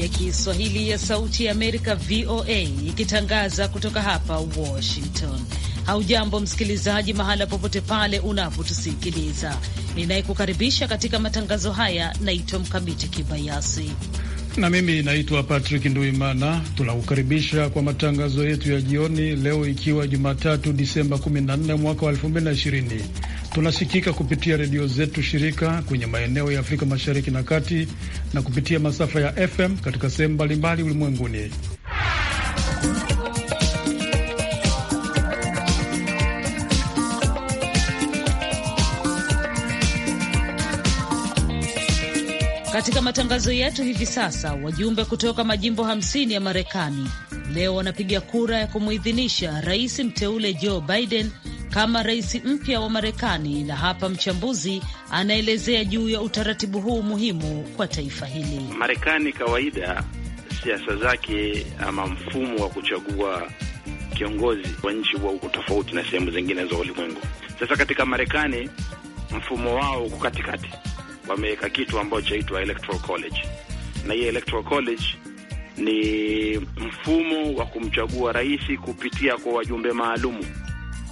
ya Kiswahili ya Sauti ya Amerika, VOA, ikitangaza kutoka hapa Washington. Haujambo msikilizaji, mahala popote pale unapotusikiliza. Ninayekukaribisha katika matangazo haya naitwa Mkamiti Kibayasi na mimi naitwa Patrick Nduimana. Tunakukaribisha kwa matangazo yetu ya jioni leo, ikiwa Jumatatu Disemba 14 mwaka wa Tunasikika kupitia redio zetu shirika kwenye maeneo ya Afrika Mashariki na Kati na kupitia masafa ya FM katika sehemu mbalimbali ulimwenguni. Katika matangazo yetu hivi sasa, wajumbe kutoka majimbo 50 ya Marekani leo wanapiga kura ya kumuidhinisha rais mteule Joe Biden kama rais mpya wa Marekani, na hapa mchambuzi anaelezea juu ya utaratibu huu muhimu kwa taifa hili. Marekani kawaida siasa zake ama mfumo wa kuchagua kiongozi wa nchi huwa uko tofauti na sehemu zingine za ulimwengu. Sasa katika Marekani mfumo wao uko katikati, wameweka kitu ambacho chaitwa Electoral College, na hii Electoral College ni mfumo wa kumchagua rais kupitia kwa wajumbe maalumu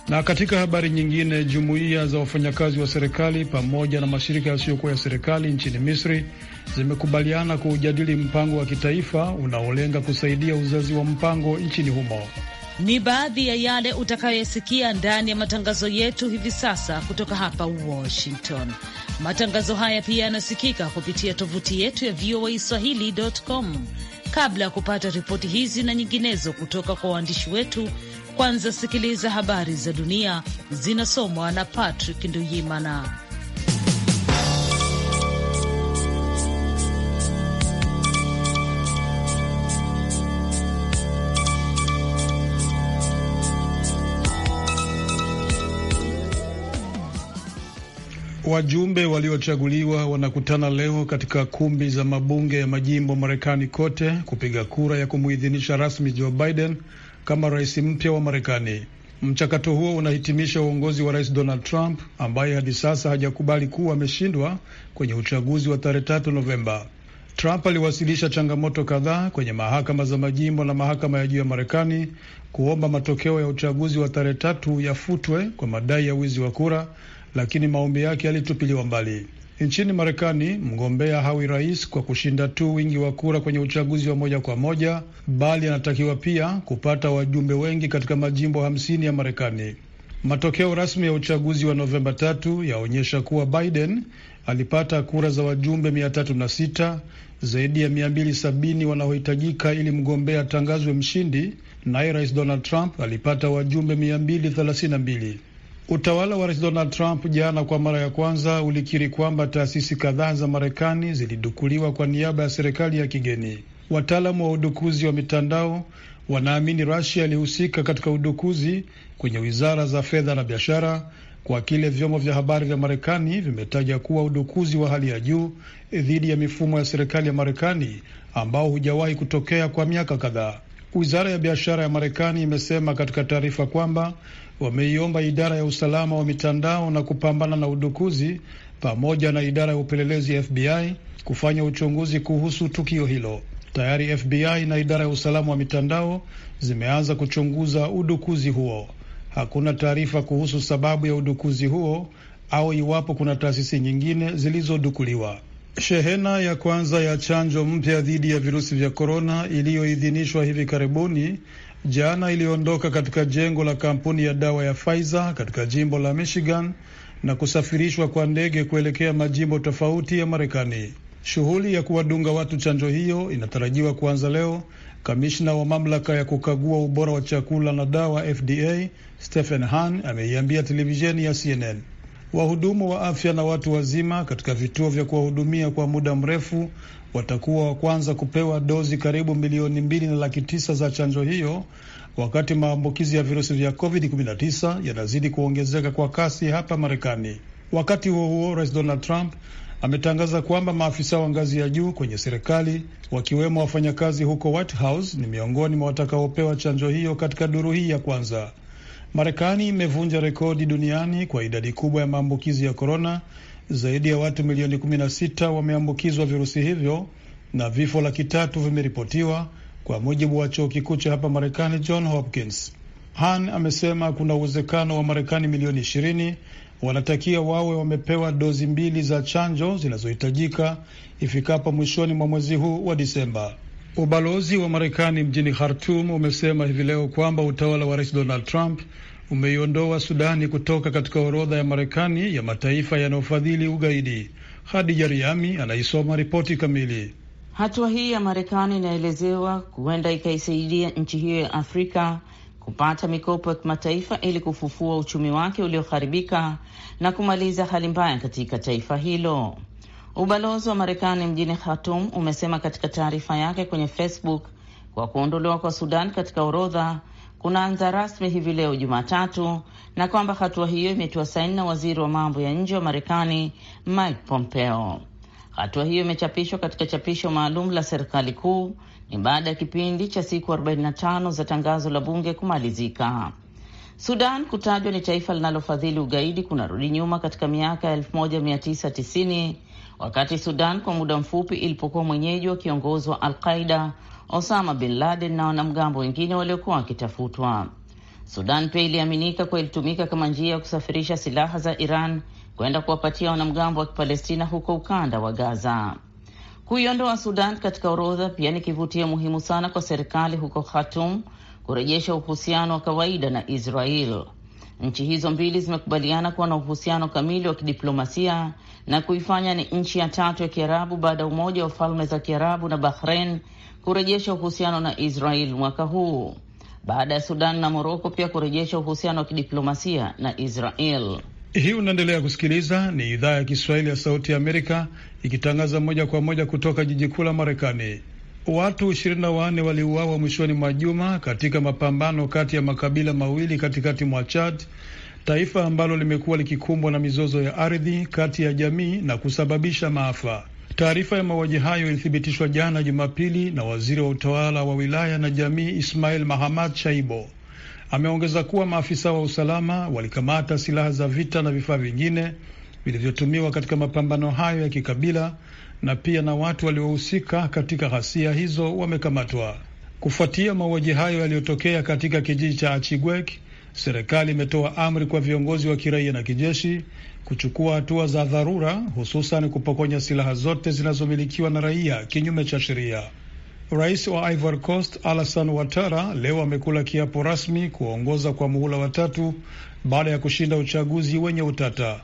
na katika habari nyingine, jumuiya za wafanyakazi wa serikali pamoja na mashirika yasiyokuwa ya serikali nchini Misri zimekubaliana kuujadili mpango wa kitaifa unaolenga kusaidia uzazi wa mpango nchini humo. Ni baadhi ya yale utakayoyasikia ndani ya matangazo yetu hivi sasa kutoka hapa Washington. Matangazo haya pia yanasikika kupitia tovuti yetu ya VOA Swahili.com. Kabla ya kupata ripoti hizi na nyinginezo kutoka kwa waandishi wetu kwanza sikiliza habari za dunia zinasomwa na Patrick Nduyimana. Wajumbe waliochaguliwa wanakutana leo katika kumbi za mabunge ya majimbo Marekani kote kupiga kura ya kumuidhinisha rasmi Joe Biden kama rais mpya wa Marekani. Mchakato huo unahitimisha uongozi wa rais Donald Trump ambaye hadi sasa hajakubali kuwa ameshindwa kwenye uchaguzi wa tarehe tatu Novemba. Trump aliwasilisha changamoto kadhaa kwenye mahakama za majimbo na mahakama ya juu ya Marekani kuomba matokeo ya uchaguzi wa tarehe tatu yafutwe kwa madai ya wizi wa kura, lakini maombi yake yalitupiliwa mbali. Nchini Marekani, mgombea hawi rais kwa kushinda tu wingi wa kura kwenye uchaguzi wa moja kwa moja, bali anatakiwa pia kupata wajumbe wengi katika majimbo hamsini ya Marekani. Matokeo rasmi ya uchaguzi wa Novemba tatu yaonyesha kuwa Biden alipata kura za wajumbe mia tatu na sita zaidi ya mia mbili sabini wanaohitajika ili mgombea atangazwe mshindi, naye rais Donald Trump alipata wajumbe mia mbili thelathini na mbili. Utawala wa rais Donald Trump jana kwa mara ya kwanza ulikiri kwamba taasisi kadhaa za Marekani zilidukuliwa kwa niaba ya serikali ya kigeni. Wataalamu wa udukuzi wa mitandao wanaamini Rasia ilihusika katika udukuzi kwenye wizara za fedha na biashara, kwa kile vyombo vya habari vya Marekani vimetaja kuwa udukuzi wa hali ya juu dhidi ya mifumo ya serikali ya Marekani ambao hujawahi kutokea kwa miaka kadhaa. Wizara ya biashara ya Marekani imesema katika taarifa kwamba wameiomba idara ya usalama wa mitandao na kupambana na udukuzi pamoja na idara ya upelelezi FBI kufanya uchunguzi kuhusu tukio hilo. Tayari FBI na idara ya usalama wa mitandao zimeanza kuchunguza udukuzi huo. Hakuna taarifa kuhusu sababu ya udukuzi huo au iwapo kuna taasisi nyingine zilizodukuliwa. Shehena ya kwanza ya chanjo mpya dhidi ya virusi vya korona iliyoidhinishwa hivi karibuni jana iliondoka katika jengo la kampuni ya dawa ya Pfizer katika jimbo la Michigan na kusafirishwa kwa ndege kuelekea majimbo tofauti ya Marekani. Shughuli ya kuwadunga watu chanjo hiyo inatarajiwa kuanza leo. Kamishna wa mamlaka ya kukagua ubora wa chakula na dawa FDA Stephen Hahn ameiambia televisheni ya CNN. Wahudumu wa afya na watu wazima katika vituo vya kuwahudumia kwa muda mrefu watakuwa wa kwanza kupewa dozi karibu milioni mbili na laki tisa za chanjo hiyo, wakati maambukizi ya virusi vya COVID-19 yanazidi kuongezeka kwa kasi hapa Marekani. Wakati huo huo, Rais Donald Trump ametangaza kwamba maafisa wa ngazi ya juu kwenye serikali wakiwemo wafanyakazi huko White House ni miongoni mwa watakaopewa chanjo hiyo katika duru hii ya kwanza. Marekani imevunja rekodi duniani kwa idadi kubwa ya maambukizi ya korona. Zaidi ya watu milioni 16 wameambukizwa virusi hivyo na vifo laki tatu vimeripotiwa kwa mujibu wa chuo kikuu cha hapa Marekani John Hopkins. Han amesema kuna uwezekano wa Marekani milioni 20 wanatakia wawe wamepewa dozi mbili za chanjo zinazohitajika ifikapo mwishoni mwa mwezi huu wa Disemba. Ubalozi wa Marekani mjini Khartum umesema hivi leo kwamba utawala wa Rais Donald Trump umeiondoa Sudani kutoka katika orodha ya Marekani ya mataifa yanayofadhili ugaidi. Hadija Riami anaisoma ripoti kamili. Hatua hii ya Marekani inaelezewa huenda ikaisaidia nchi hiyo ya Afrika kupata mikopo ya kimataifa ili kufufua uchumi wake ulioharibika na kumaliza hali mbaya katika taifa hilo. Ubalozi wa Marekani mjini Khartoum umesema katika taarifa yake kwenye Facebook kwa kuondolewa kwa Sudan katika orodha kunaanza rasmi hivi leo Jumatatu, na kwamba hatua hiyo imetiwa saini na waziri wa mambo ya nje wa Marekani Mike Pompeo. Hatua hiyo imechapishwa katika chapisho maalum la serikali kuu, ni baada ya kipindi cha siku 45 za tangazo la bunge kumalizika. Sudan kutajwa ni taifa linalofadhili ugaidi kunarudi nyuma katika miaka ya 1990 wakati Sudan kwa muda mfupi ilipokuwa mwenyeji wa kiongozi wa Alqaida Osama bin Laden na wanamgambo wengine waliokuwa wakitafutwa. Sudan pia iliaminika kuwa ilitumika kama njia ya kusafirisha silaha za Iran kwenda kuwapatia wanamgambo wa Kipalestina huko ukanda wa Gaza. Kuiondoa Sudan katika orodha pia ni kivutio muhimu sana kwa serikali huko Khartoum kurejesha uhusiano wa kawaida na Israel. Nchi hizo mbili zimekubaliana kuwa na uhusiano kamili wa kidiplomasia na kuifanya ni nchi ya tatu ya Kiarabu baada ya Umoja wa Falme za Kiarabu na Bahrain kurejesha uhusiano na Israel mwaka huu baada ya Sudan na Moroko pia kurejesha uhusiano wa kidiplomasia na Israel. Hii unaendelea kusikiliza, ni idhaa ya Kiswahili ya Sauti ya Amerika ikitangaza moja kwa moja kutoka jiji kuu la Marekani. Watu na wanne waliuawa mwishoni mwa juma katika mapambano kati ya makabila mawili katikati mwa Chad, taifa ambalo limekuwa likikumbwa na mizozo ya ardhi kati ya jamii na kusababisha maafa. Taarifa ya mauaji hayo ilithibitishwa jana Jumapili na waziri wa utawala wa wilaya na jamii Ismail Mahamad Shaibo. Ameongeza kuwa maafisa wa usalama walikamata silaha za vita na vifaa vingine vilivyotumiwa katika mapambano hayo ya kikabila na pia na watu waliohusika katika ghasia hizo wamekamatwa. Kufuatia mauaji hayo yaliyotokea katika kijiji cha Achigwek, serikali imetoa amri kwa viongozi wa kiraia na kijeshi kuchukua hatua za dharura, hususan kupokonya silaha zote zinazomilikiwa na raia kinyume cha sheria. Rais wa Ivory Coast Alassane Ouattara leo amekula kiapo rasmi kuongoza kwa muhula watatu baada ya kushinda uchaguzi wenye utata.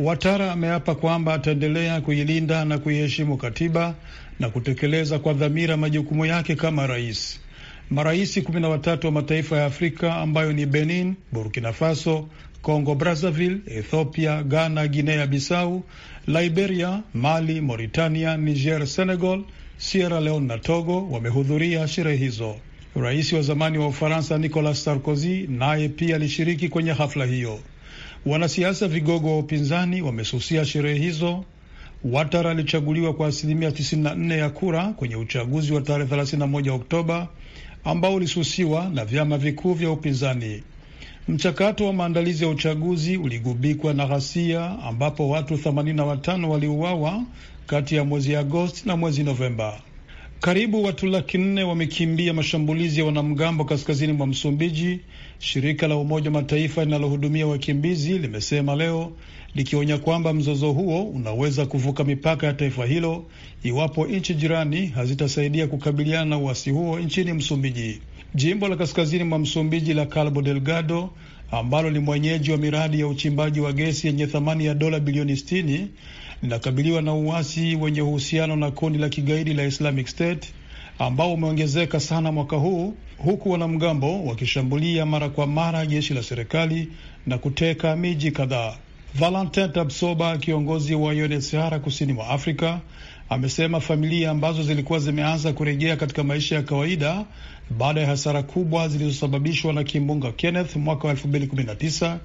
Watara ameapa kwamba ataendelea kuilinda na kuiheshimu katiba na kutekeleza kwa dhamira majukumu yake kama rais. Maraisi kumi na watatu wa mataifa ya Afrika ambayo ni Benin, Burkina Faso, Congo Brazzaville, Ethiopia, Ghana, Guinea Bissau, Liberia, Mali, Mauritania, Niger, Senegal, Sierra Leone na Togo wamehudhuria sherehe hizo. Rais wa zamani wa Ufaransa Nicolas Sarkozy naye pia alishiriki kwenye hafla hiyo. Wanasiasa vigogo wa upinzani wamesusia sherehe hizo. Watara alichaguliwa kwa asilimia 94 ya kura kwenye uchaguzi wa tarehe 31 Oktoba ambao ulisusiwa na vyama vikuu vya upinzani. Mchakato wa maandalizi ya uchaguzi uligubikwa na ghasia ambapo watu 85 waliuawa kati ya mwezi Agosti na mwezi Novemba. Karibu watu laki nne wamekimbia mashambulizi ya wanamgambo kaskazini mwa Msumbiji, shirika la Umoja wa Mataifa linalohudumia wakimbizi limesema leo, likionya kwamba mzozo huo unaweza kuvuka mipaka ya taifa hilo iwapo nchi jirani hazitasaidia kukabiliana na uasi huo nchini Msumbiji. Jimbo la kaskazini mwa Msumbiji la Cabo Delgado ambalo ni mwenyeji wa miradi ya uchimbaji wa gesi yenye thamani ya dola bilioni linakabiliwa na uasi wenye uhusiano na kundi la kigaidi la Islamic State ambao umeongezeka sana mwaka huu huku wanamgambo wakishambulia mara kwa mara jeshi la serikali na kuteka miji kadhaa. Valentin Tabsoba, kiongozi wa UNHCR kusini mwa Afrika, amesema familia ambazo zilikuwa zimeanza kurejea katika maisha ya kawaida baada ya hasara kubwa zilizosababishwa na kimbunga Kenneth mwaka wa 2019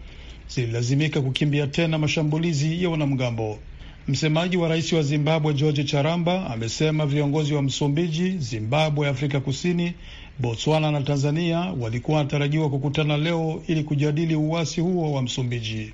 zililazimika kukimbia tena mashambulizi ya wanamgambo. Msemaji wa rais wa Zimbabwe George Charamba amesema viongozi wa Msumbiji, Zimbabwe, Afrika Kusini, Botswana na Tanzania walikuwa wanatarajiwa kukutana leo ili kujadili uasi huo wa Msumbiji.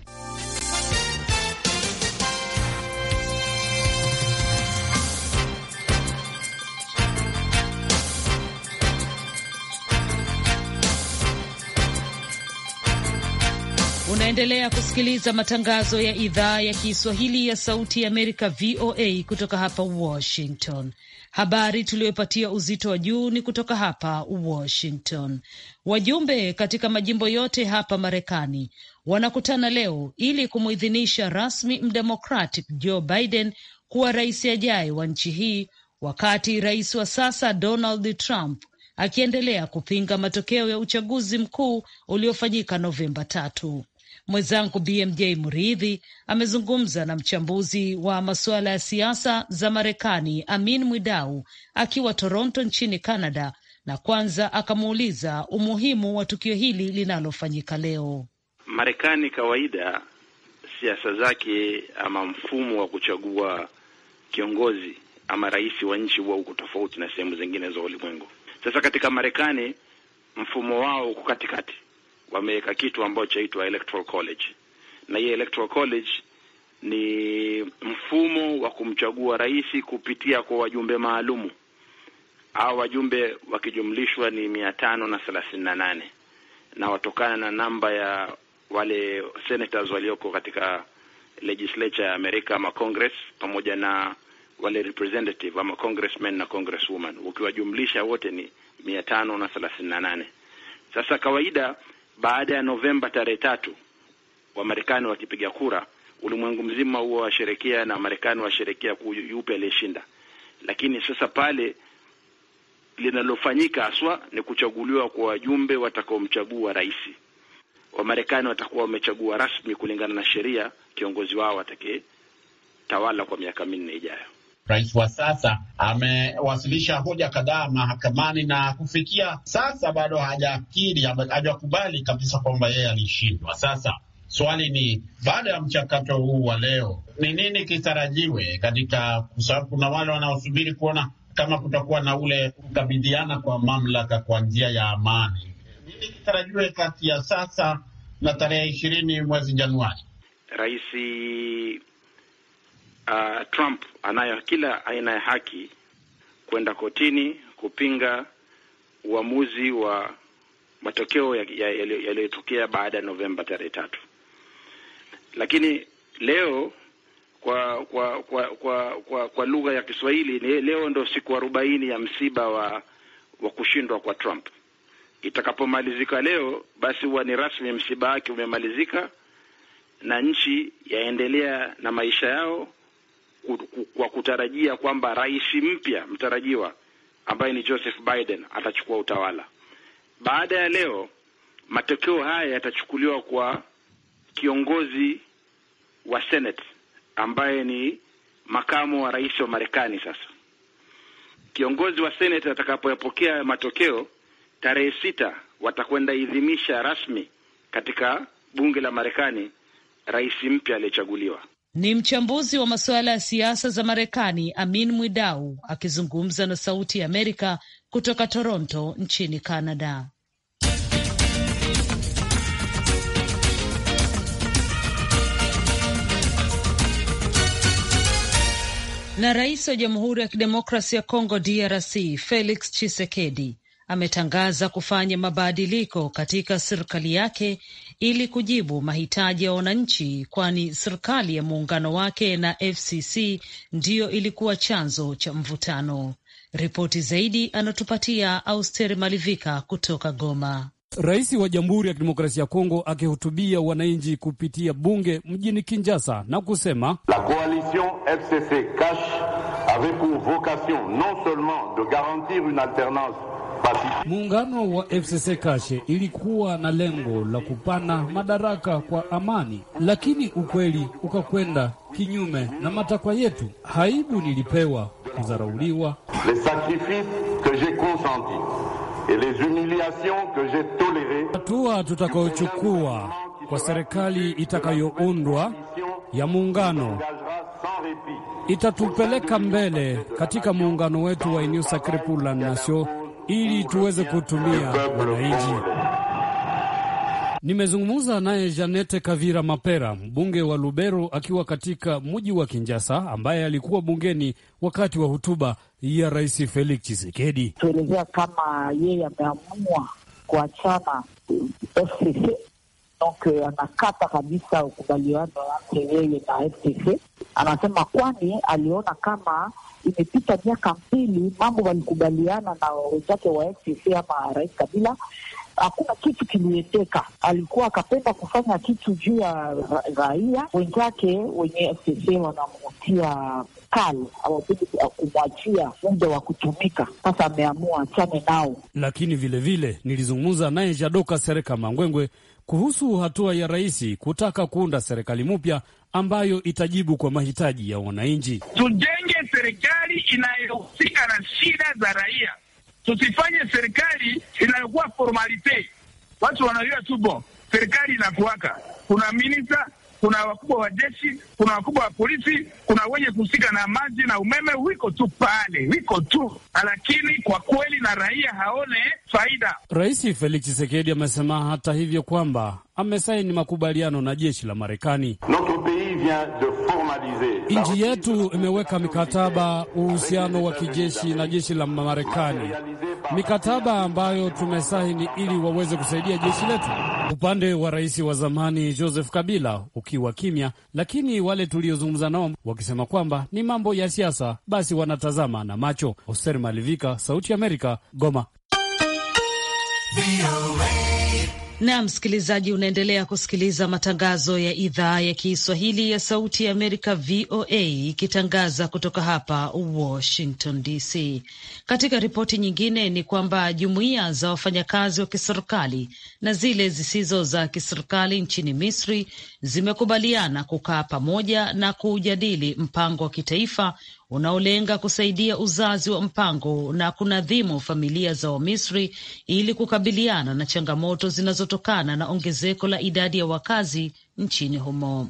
Unaendelea kusikiliza matangazo ya idhaa ya Kiswahili ya Sauti ya Amerika, VOA, kutoka hapa Washington. Habari tuliyopatia uzito wa juu ni kutoka hapa Washington. Wajumbe katika majimbo yote hapa Marekani wanakutana leo ili kumuidhinisha rasmi Mdemocratic Joe Biden kuwa rais ajaye wa nchi hii, wakati rais wa sasa Donald Trump akiendelea kupinga matokeo ya uchaguzi mkuu uliofanyika Novemba tatu. Mwenzangu BMJ Muridhi amezungumza na mchambuzi wa masuala ya siasa za Marekani Amin Mwidau akiwa Toronto nchini Canada, na kwanza akamuuliza umuhimu wa tukio hili linalofanyika leo. Marekani kawaida siasa zake ama mfumo wa kuchagua kiongozi ama rais wa nchi huwa uko tofauti na sehemu zingine za ulimwengu. Sasa katika Marekani mfumo wao uko katikati, wameweka kitu ambacho chaitwa Electoral College, na hii Electoral College ni mfumo wa kumchagua rais kupitia kwa wajumbe maalumu au wajumbe wakijumlishwa ni mia tano na thelathini na nane na watokana na namba ya wale senators walioko katika legislature ya Amerika ama Congress, pamoja na wale representative ama congressmen na congresswoman, ukiwajumlisha wote ni mia tano na thelathini na nane. Sasa kawaida baada ya Novemba tarehe tatu, Wamarekani wakipiga kura, ulimwengu mzima huo washerekea na Wamarekani washerekea yupe aliyeshinda. Lakini sasa pale linalofanyika haswa ni kuchaguliwa kwa wajumbe watakaomchagua rais. Wamarekani watakuwa wamechagua rasmi kulingana na sheria kiongozi wao atakayetawala kwa miaka minne ijayo. Rais wa sasa amewasilisha hoja kadhaa mahakamani na kufikia sasa bado hajakiri, hajakubali kabisa kwamba yeye alishindwa. Sasa swali ni baada ya mchakato huu wa leo ni nini kitarajiwe katika, kwa sababu kuna wale wanaosubiri kuona kama kutakuwa na ule kukabidhiana kwa mamlaka kwa njia ya amani. Nini kitarajiwe kati ya sasa na tarehe ishirini mwezi Januari? Rais uh, Trump anayo kila aina ya haki kwenda kotini kupinga uamuzi wa matokeo yaliyotokea ya, ya, ya baada ya Novemba tarehe tatu, lakini leo kwa kwa kwa kwa, kwa, kwa lugha ya Kiswahili leo ndo siku arobaini ya msiba wa, wa kushindwa kwa Trump. Itakapomalizika leo basi huwa ni rasmi msiba wake umemalizika na nchi yaendelea na maisha yao kwa kutarajia kwamba rais mpya mtarajiwa ambaye ni Joseph Biden atachukua utawala. Baada ya leo, matokeo haya yatachukuliwa kwa kiongozi wa Senate ambaye ni makamu wa rais wa Marekani. Sasa kiongozi wa Senate atakapoyapokea matokeo tarehe sita, watakwenda idhimisha rasmi katika bunge la Marekani rais mpya aliyechaguliwa. Ni mchambuzi wa masuala ya siasa za Marekani Amin Mwidau akizungumza na Sauti ya Amerika kutoka Toronto nchini Canada. Na rais wa Jamhuri ya Kidemokrasi ya Kongo DRC Felix chisekedi ametangaza kufanya mabadiliko katika serikali yake ili kujibu mahitaji ya wananchi, kwani serikali ya muungano wake na FCC ndiyo ilikuwa chanzo cha mvutano. Ripoti zaidi anatupatia Austeri Malivika kutoka Goma. Rais wa Jamhuri ya Kidemokrasia ya Kongo akihutubia wananchi kupitia bunge mjini Kinjasa na kusema la coalition FCC cash avec pour vocation non seulement de garantir une alternance Muungano wa FCC Kashe ilikuwa na lengo la kupana madaraka kwa amani, lakini ukweli ukakwenda kinyume na matakwa yetu. Haibu nilipewa kudharauliwa hatua tutakayochukua kwa serikali itakayoundwa ya muungano itatupeleka mbele katika muungano wetu wa Union Sacree pour la Nation ili tuweze kutumia wananchi. Nimezungumza naye Janete Kavira Mapera, mbunge wa Lubero, akiwa katika mji wa Kinjasa, ambaye alikuwa bungeni wakati wa hotuba ya Rais Felix Chisekedi, tuelezea kama yeye ameamua kuachana FCC donc euh, anakata kabisa ukubaliano wake yeye na FTC. Anasema kwani aliona kama imepita miaka mbili, mambo walikubaliana na wenzake wa FTC ama Rais Kabila, hakuna kitu kiliendeka. Alikuwa akapenda kufanya kitu juu ya raia wenzake, wenye FTC wanamutia kali, hawapendi kumwachia muda wa kutumika. Sasa ameamua achane nao, lakini vilevile nilizungumza naye Jadoka Sereka Mangwengwe kuhusu hatua ya rais kutaka kuunda serikali mpya ambayo itajibu kwa mahitaji ya wananchi. Tujenge serikali inayohusika na shida za raia, tusifanye serikali inayokuwa formalite. Watu wanajua tu bo serikali inakuwaka, kuna minista kuna wakubwa wa jeshi, kuna wakubwa wa polisi, kuna wenye kuhusika na maji na umeme, wiko tu pale, wiko tu lakini, kwa kweli na raia haone faida. Rais Felix chisekedi amesema hata hivyo kwamba amesaini makubaliano na jeshi la Marekani. Nchi yetu imeweka mikataba, uhusiano wa kijeshi na jeshi la Marekani, mikataba ambayo tumesahini ili waweze kusaidia jeshi letu. Upande wa rais wa zamani Joseph Kabila ukiwa kimya, lakini wale tuliozungumza nao wakisema kwamba ni mambo ya siasa, basi wanatazama na macho. Hoser Malivika, Sauti ya Amerika, Goma na msikilizaji, unaendelea kusikiliza matangazo ya idhaa ya Kiswahili ya Sauti ya Amerika, VOA, ikitangaza kutoka hapa Washington DC. Katika ripoti nyingine ni kwamba jumuiya za wafanyakazi wa kiserikali na zile zisizo za kiserikali nchini Misri zimekubaliana kukaa pamoja na kuujadili mpango wa kitaifa unaolenga kusaidia uzazi wa mpango na kunadhimu familia za Wamisri ili kukabiliana na changamoto zinazotokana na ongezeko la idadi ya wakazi nchini humo.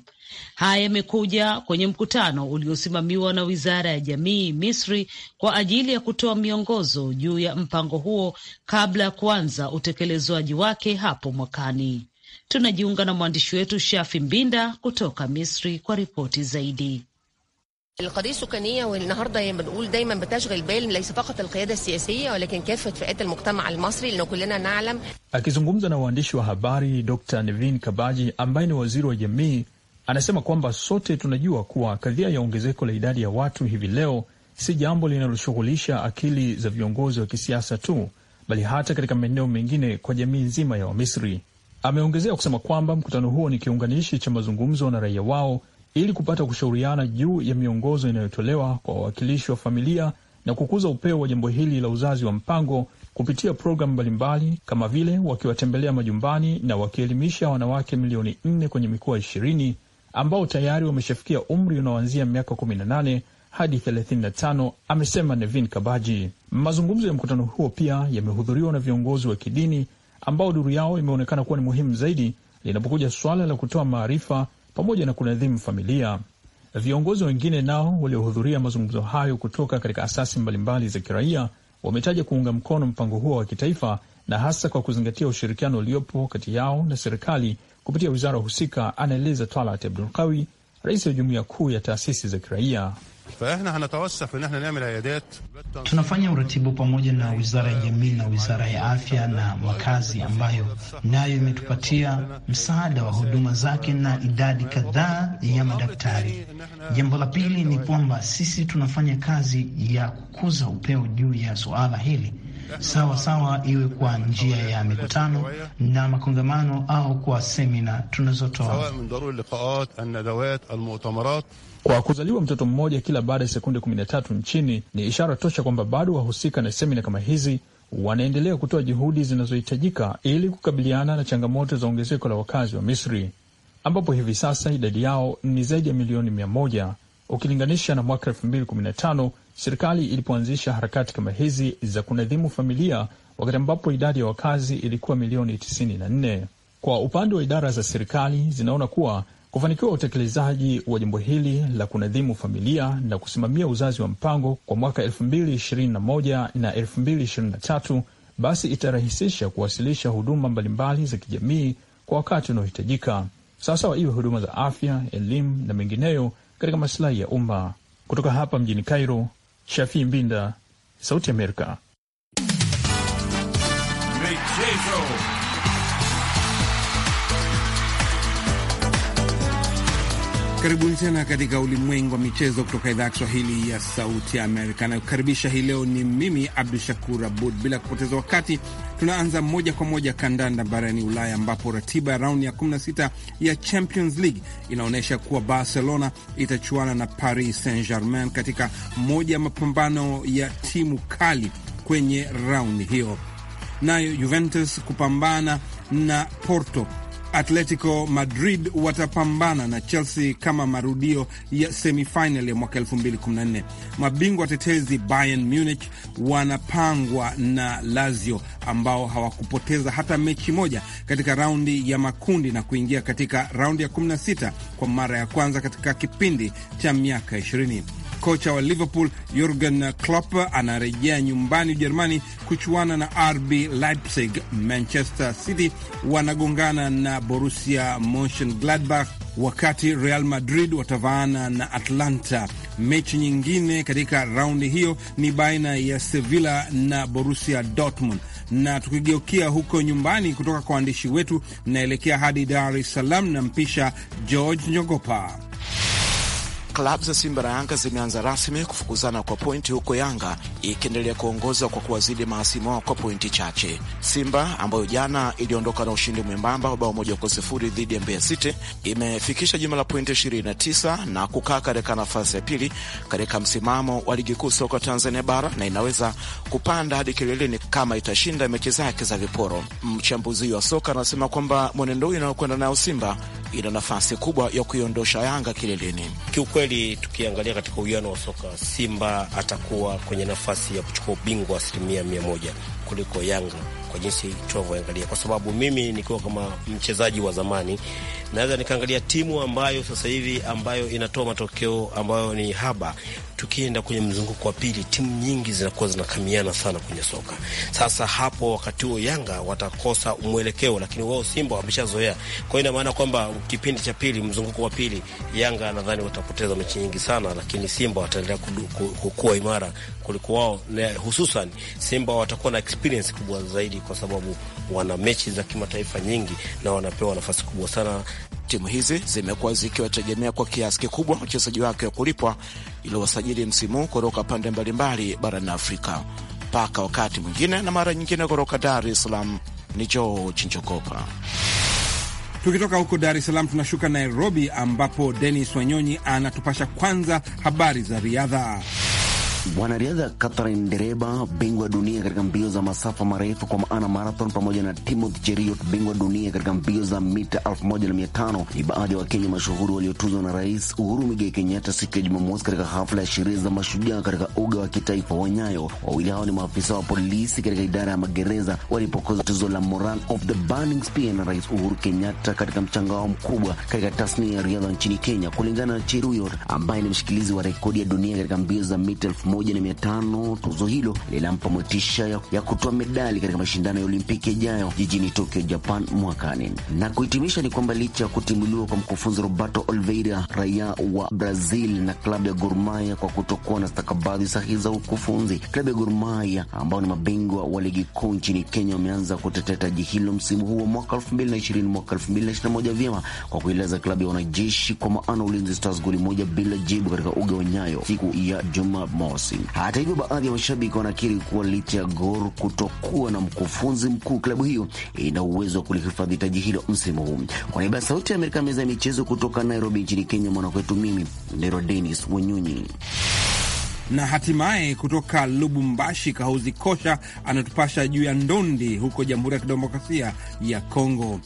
Haya yamekuja kwenye mkutano uliosimamiwa na wizara ya jamii Misri kwa ajili ya kutoa miongozo juu ya mpango huo kabla ya kuanza utekelezwaji wake hapo mwakani. Tunajiunga na mwandishi wetu Shafi Mbinda kutoka Misri kwa ripoti zaidi. القضية السكانية والنهاردة بنقول دايما بتشغل بال ليس فقط القيادة السياسية ولكن كافة فئات المجتمع المصري لأنه كلنا نعلم. Akizungumza na waandishi wa habari, Dr. Nevin Kabaji ambaye ni waziri wa jamii anasema kwamba sote tunajua kuwa kadhia ya ongezeko la idadi ya watu hivi leo si jambo linaloshughulisha akili za viongozi wa kisiasa tu, bali hata katika maeneo mengine kwa jamii nzima ya Wamisri. Ameongezea kusema kwamba mkutano huo ni kiunganishi cha mazungumzo na raia wao ili kupata kushauriana juu ya miongozo inayotolewa kwa wawakilishi wa familia na kukuza upeo wa jambo hili la uzazi wa mpango kupitia programu mbalimbali kama vile wakiwatembelea majumbani na wakielimisha wanawake milioni nne kwenye mikoa ishirini ambao tayari wameshafikia umri unaoanzia miaka 18 hadi 35, amesema Nevin Kabaji. Mazungumzo ya mkutano huo pia yamehudhuriwa na viongozi wa kidini ambao duru yao imeonekana kuwa ni muhimu zaidi linapokuja suala la kutoa maarifa pamoja na kunadhimu familia. Viongozi wengine nao waliohudhuria mazungumzo hayo kutoka katika asasi mbalimbali za kiraia wametaja kuunga mkono mpango huo wa kitaifa na hasa kwa kuzingatia ushirikiano uliopo kati yao na serikali kupitia wizara husika, anaeleza Twalat Abdulkawi, rais wa jumuiya kuu ya taasisi za kiraia. Tunafanya uratibu pamoja na wizara ya jamii na wizara ya afya na makazi, ambayo nayo imetupatia msaada wa huduma zake na idadi kadhaa ya madaktari. Jambo la pili ni kwamba sisi tunafanya kazi ya kukuza upeo juu ya suala hili sawa sawa, iwe kwa njia ya mikutano na makongamano au kwa semina tunazotoa. Kwa kuzaliwa mtoto mmoja kila baada ya sekunde 13 nchini ni ishara tosha kwamba bado wahusika na semina kama hizi wanaendelea kutoa juhudi zinazohitajika ili kukabiliana na changamoto za ongezeko la wakazi wa Misri ambapo hivi sasa idadi yao ni zaidi ya milioni mia moja ukilinganisha na mwaka elfu mbili kumi na tano serikali ilipoanzisha harakati kama hizi za kunadhimu familia, wakati ambapo idadi ya wakazi ilikuwa milioni tisini na nne. Kwa upande wa idara za serikali zinaona kuwa Kufanikiwa utekelezaji wa jambo hili la kunadhimu familia na kusimamia uzazi wa mpango kwa mwaka 2021 na 2023, basi itarahisisha kuwasilisha huduma mbalimbali za kijamii kwa wakati unaohitajika, sawasawa iwe huduma za afya, elimu na mengineyo katika masilahi ya umma. Kutoka hapa mjini Cairo, Shafii Mbinda, Sauti Amerika. Michezo. Karibuni tena katika ulimwengu wa michezo kutoka idhaa ya Kiswahili ya Sauti ya Amerika. Nakukaribisha hii leo ni mimi Abdu Shakur Abud. Bila kupoteza wakati, tunaanza moja kwa moja kandanda barani Ulaya, ambapo ratiba ya raundi ya 16 ya Champions League inaonyesha kuwa Barcelona itachuana na Paris Saint Germain katika moja ya mapambano ya timu kali kwenye raundi hiyo, nayo Juventus kupambana na Porto Atletico Madrid watapambana na Chelsea kama marudio ya semifinal ya mwaka 2014. Mabingwa watetezi Bayern Munich wanapangwa na Lazio ambao hawakupoteza hata mechi moja katika raundi ya makundi na kuingia katika raundi ya 16 kwa mara ya kwanza katika kipindi cha miaka 20 kocha wa Liverpool Jurgen Klopp anarejea nyumbani Ujerumani kuchuana na RB Leipzig. Manchester City wanagongana na Borussia Mönchengladbach, wakati Real Madrid watavaana na Atlanta. Mechi nyingine katika raundi hiyo ni baina ya Sevilla na Borussia Dortmund. Na tukigeukia huko nyumbani kutoka kwa waandishi wetu, naelekea hadi Dar es Salaam na mpisha George Nyogopa. Klabu za Simba na Yanga zimeanza rasmi kufukuzana kwa pointi, huko Yanga ikiendelea kuongoza kwa kuwazidi mahasimu wao kwa pointi chache. Simba ambayo jana iliondoka na ushindi mwembamba wa bao moja kwa sifuri dhidi ya Mbeya City imefikisha jumla la pointi 29 na kukaa katika nafasi ya pili katika msimamo wa ligi kuu soka Tanzania bara na inaweza kupanda hadi kileleni kama itashinda mechi zake za viporo. Mchambuzi wa soka anasema kwamba mwenendo huu inayokwenda nayo Simba ina nafasi kubwa ya kuiondosha Yanga kileleni. Kiukweli, tukiangalia katika uwiano wa soka, Simba atakuwa kwenye nafasi nafasi ya kuchukua ubingwa asilimia mia moja kuliko Yanga kwa jinsi tunavyoangalia, kwa sababu mimi nikiwa kama mchezaji wa zamani naweza nikaangalia timu ambayo sasa hivi ambayo inatoa matokeo ambayo ni haba. Tukienda kwenye mzunguko wa pili, timu nyingi zinakuwa zinakamiana sana kwenye soka. Sasa hapo wakati huo Yanga watakosa mwelekeo, lakini wao Simba wameshazoea. Kwa hiyo ina maana kwamba kipindi cha pili, mzunguko wa pili, Yanga nadhani watapoteza mechi nyingi sana, lakini Simba wataendelea kukua imara kuliko wao, hususan Simba watakuwa na experience kubwa zaidi, kwa sababu wana mechi za kimataifa nyingi na wanapewa nafasi kubwa sana. Timu hizi zimekuwa zikiwategemea kwa kiasi kikubwa wachezaji wake wa kulipwa iliyowasajili msimu kutoka pande mbalimbali barani Afrika, mpaka wakati mwingine na mara nyingine kutoka Dar es Salaam ni George chinjokopa Tukitoka huko Dar es Salaam tunashuka Nairobi, ambapo Denis Wanyonyi anatupasha kwanza habari za riadha mwanariadha Catherine Dereba, bingwa dunia katika mbio za masafa marefu kwa maana marathon, pamoja na Timothy Cheriot, bingwa dunia katika mbio za mita 1500 ni baadhi ya Wakenya mashuhuri waliotuzwa na Rais Uhuru Muigai Kenyatta siku ya Jumamosi katika hafla ya sherehe za mashujaa katika uga wa kitaifa wa Nyayo. Wawili hao ni maafisa wa polisi katika idara ya magereza walipokoza tuzo la Moran of the Burning Spear na Rais Uhuru Kenyatta katika mchango wao mkubwa katika tasnia ya riadha nchini Kenya. Kulingana na cheruyot ambaye ni mshikilizi wa rekodi ya dunia katika mbio za mita elfu moja na mia tano. Tuzo hilo linampa motisha ya, ya kutoa medali katika mashindano ya Olimpiki yajayo jijini Tokyo, Japan mwakani. Na kuhitimisha ni kwamba licha ya kutimuliwa kwa mkufunzi Roberto Oliveira, raia wa Brazil, na klabu ya Gor Mahia kwa kutokuwa na stakabadhi sahihi za ukufunzi, klabu ya Gor Mahia ambao ni mabingwa wa ligi kuu nchini Kenya wameanza kutetea taji hilo msimu huu wa mwaka 2020 mwaka 2021 vyema kwa kueleza klabu ya wanajeshi kwa maana Ulinzi Stars goli moja bila jibu katika uga wa Nyayo siku ya Jumamosi wasiwasi. Hata hivyo, baadhi ya mashabiki wanakiri kuwa licha ya Gor kutokuwa na mkufunzi mkuu, klabu hiyo ina uwezo wa kulihifadhi taji hilo msimu huu. Kwa niaba ya Sauti ya Amerika, meza ya michezo kutoka Nairobi nchini Kenya, mwanakwetu mimi Nero Denis Wenyunyi na hatimaye kutoka Lubumbashi, Kahuzi Kosha anatupasha juu ya ndondi huko Jamhuri ya Kidemokrasia ya Kongo.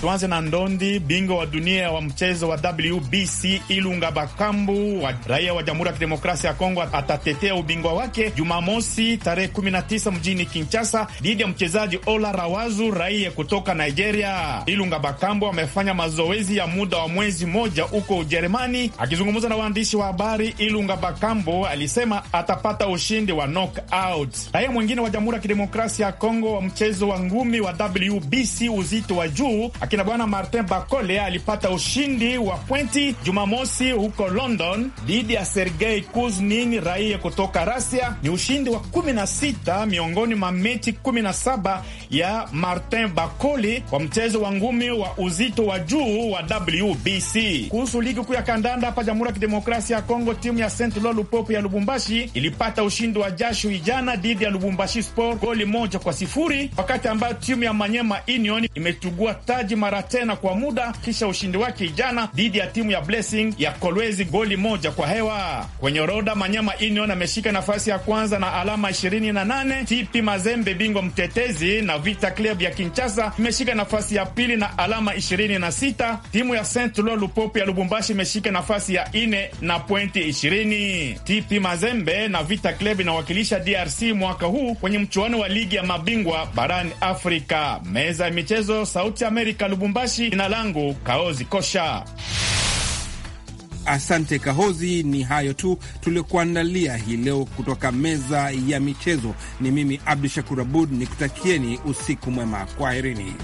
Tuanze na ndondi. Bingwa wa dunia wa mchezo wa WBC Ilunga Bakambu wa raia wa Jamhuri ya Kidemokrasia ya Kongo atatetea ubingwa wake Jumamosi tarehe 19 mjini Kinshasa dhidi ya mchezaji Ola Rawazu raia kutoka Nigeria. Ilunga Bakambu amefanya mazoezi ya muda wa mwezi moja huko Ujerumani. Akizungumza na waandishi wa habari, Ilunga Bakambu alisema atapata ushindi wa knockout. Raia mwingine wa Jamhuri ya Kidemokrasia ya Kongo wa mchezo wa ngumi wa WBC uzito wa juu akina bwana Martin Bakole alipata ushindi wa pointi Jumamosi huko London dhidi ya Sergei Kuznin, raia kutoka Rasia. Ni ushindi wa 16 miongoni mwa mechi 17 ya Martin Bakoli kwa mchezo wa ngumi wa uzito wa juu wa WBC. Kuhusu ligi kuu ya kandanda hapa Jamhuri ya Kidemokrasia ya Kongo, timu ya Saint Eloi Lupopo ya Lubumbashi ilipata ushindi wa jasho ijana dhidi ya Lubumbashi Sport goli moja kwa sifuri, wakati ambayo timu ya Manyema Union imetugua taji mara tena kwa muda kisha ushindi wake jana dhidi ya timu ya Blessing ya Kolwezi goli moja kwa hewa. Kwenye orodha Manyama Union ameshika nafasi ya kwanza na alama 28. TP Mazembe bingwa mtetezi na Vita Club ya Kinshasa imeshika nafasi ya pili na alama 26. Timu ya Saint Lô Lupopo ya Lubumbashi imeshika nafasi ya ine na pointi 20. TP Mazembe na Vita Club inawakilisha DRC mwaka huu kwenye mchuano wa ligi ya mabingwa barani Afrika. Meza ya michezo, Sauti Amerika. Lubumbashi. Jina langu Kaozi Kosha. Asante Kahozi. Ni hayo tu tuliokuandalia hii leo kutoka meza ya michezo. Ni mimi Abdu Shakur Abud nikutakieni usiku mwema, kwaherini.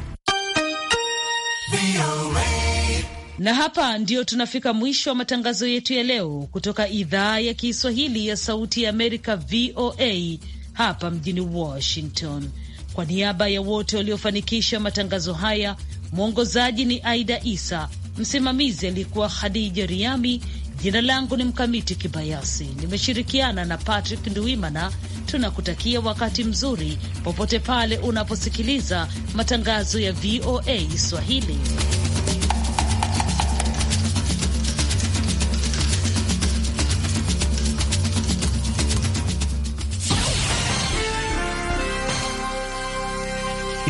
Na hapa ndio tunafika mwisho wa matangazo yetu ya leo kutoka idhaa ya Kiswahili ya Sauti ya Amerika, VOA hapa mjini Washington. Kwa niaba ya wote waliofanikisha matangazo haya Mwongozaji ni Aida Isa, msimamizi alikuwa Khadija Riami. Jina langu ni Mkamiti Kibayasi, nimeshirikiana na Patrick Nduimana. Tunakutakia wakati mzuri popote pale unaposikiliza matangazo ya VOA Swahili.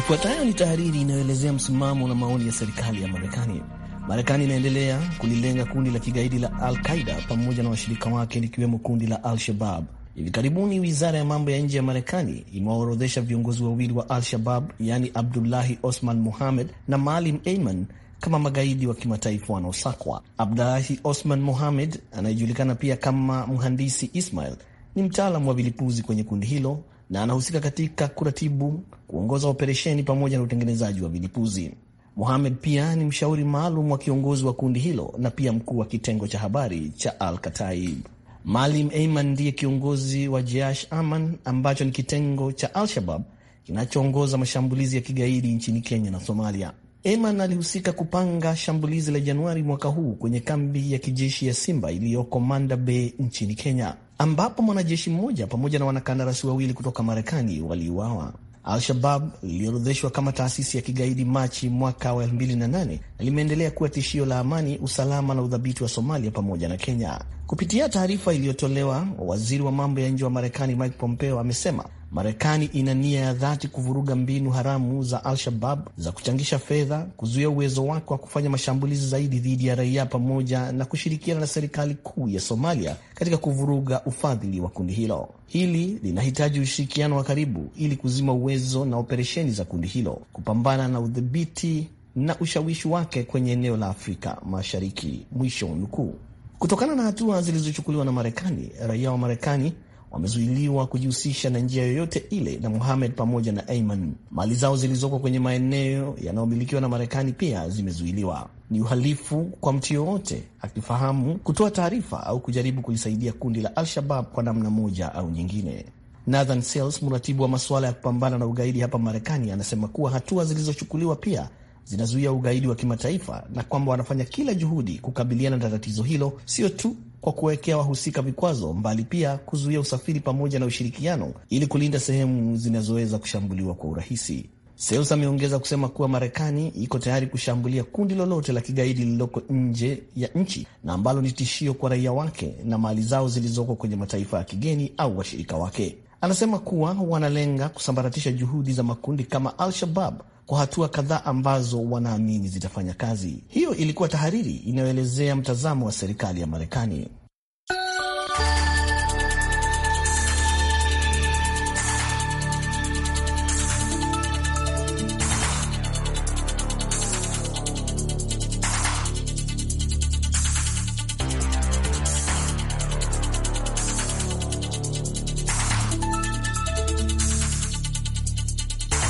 Ifuatayo ni tahariri inayoelezea msimamo na maoni ya serikali ya Marekani. Marekani inaendelea kulilenga kundi la kigaidi la Al Qaida pamoja na washirika wake likiwemo kundi la Al-Shabab. Hivi karibuni wizara ya mambo ya nje ya Marekani imewaorodhesha viongozi wawili wa Al-Shabab, yaani Abdullahi Osman Mohamed na Maalim Eiman kama magaidi wa kimataifa wanaosakwa. Abdullahi Osman Mohamed anayejulikana pia kama mhandisi Ismail ni mtaalamu wa vilipuzi kwenye kundi hilo na anahusika katika kuratibu, kuongoza operesheni pamoja na utengenezaji wa vilipuzi. Mohamed pia ni mshauri maalum wa kiongozi wa kundi hilo na pia mkuu wa kitengo cha habari cha Al Kataib. malim Eiman ndiye kiongozi wa Jeash Aman ambacho ni kitengo cha Al-Shabab kinachoongoza mashambulizi ya kigaidi nchini Kenya na Somalia. Eman alihusika kupanga shambulizi la Januari mwaka huu kwenye kambi ya kijeshi ya Simba iliyoko Manda Bay nchini Kenya ambapo mwanajeshi mmoja pamoja na wanakandarasi wawili kutoka Marekani waliuawa. Al-Shabab iliorodheshwa kama taasisi ya kigaidi Machi mwaka wa 2008 limeendelea kuwa tishio la amani, usalama na udhabiti wa Somalia pamoja na Kenya. Kupitia taarifa iliyotolewa, waziri wa mambo ya nje wa Marekani Mike Pompeo amesema Marekani ina nia ya dhati kuvuruga mbinu haramu za Al-Shabab za kuchangisha fedha, kuzuia uwezo wake wa kufanya mashambulizi zaidi dhidi ya raia, pamoja na kushirikiana na serikali kuu ya Somalia katika kuvuruga ufadhili wa kundi hilo. Hili linahitaji ushirikiano wa karibu ili kuzima uwezo na operesheni za kundi hilo, kupambana na udhibiti na ushawishi wake kwenye eneo la Afrika Mashariki. Mwisho nukuu. Kutokana na hatua zilizochukuliwa na Marekani, raia wa Marekani wamezuiliwa kujihusisha na njia yoyote ile na muhamed pamoja na Aiman. Mali zao zilizoko kwenye maeneo yanayomilikiwa na Marekani pia zimezuiliwa. Ni uhalifu kwa mtu yoyote akifahamu kutoa taarifa au kujaribu kulisaidia kundi la Al-Shabab kwa namna moja au nyingine. Nathan Sales, mratibu wa masuala ya kupambana na ugaidi hapa Marekani, anasema kuwa hatua zilizochukuliwa pia zinazuia ugaidi wa kimataifa na kwamba wanafanya kila juhudi kukabiliana na tatizo hilo, sio tu kwa kuwekea wahusika vikwazo, mbali pia kuzuia usafiri pamoja na ushirikiano ili kulinda sehemu zinazoweza kushambuliwa kwa urahisi. Seus ameongeza kusema kuwa Marekani iko tayari kushambulia kundi lolote la kigaidi lililoko nje ya nchi na ambalo ni tishio kwa raia wake na mali zao zilizoko kwenye mataifa ya kigeni au washirika wake. Anasema kuwa wanalenga kusambaratisha juhudi za makundi kama Al-Shabab kwa hatua kadhaa ambazo wanaamini zitafanya kazi. Hiyo ilikuwa tahariri inayoelezea mtazamo wa serikali ya Marekani.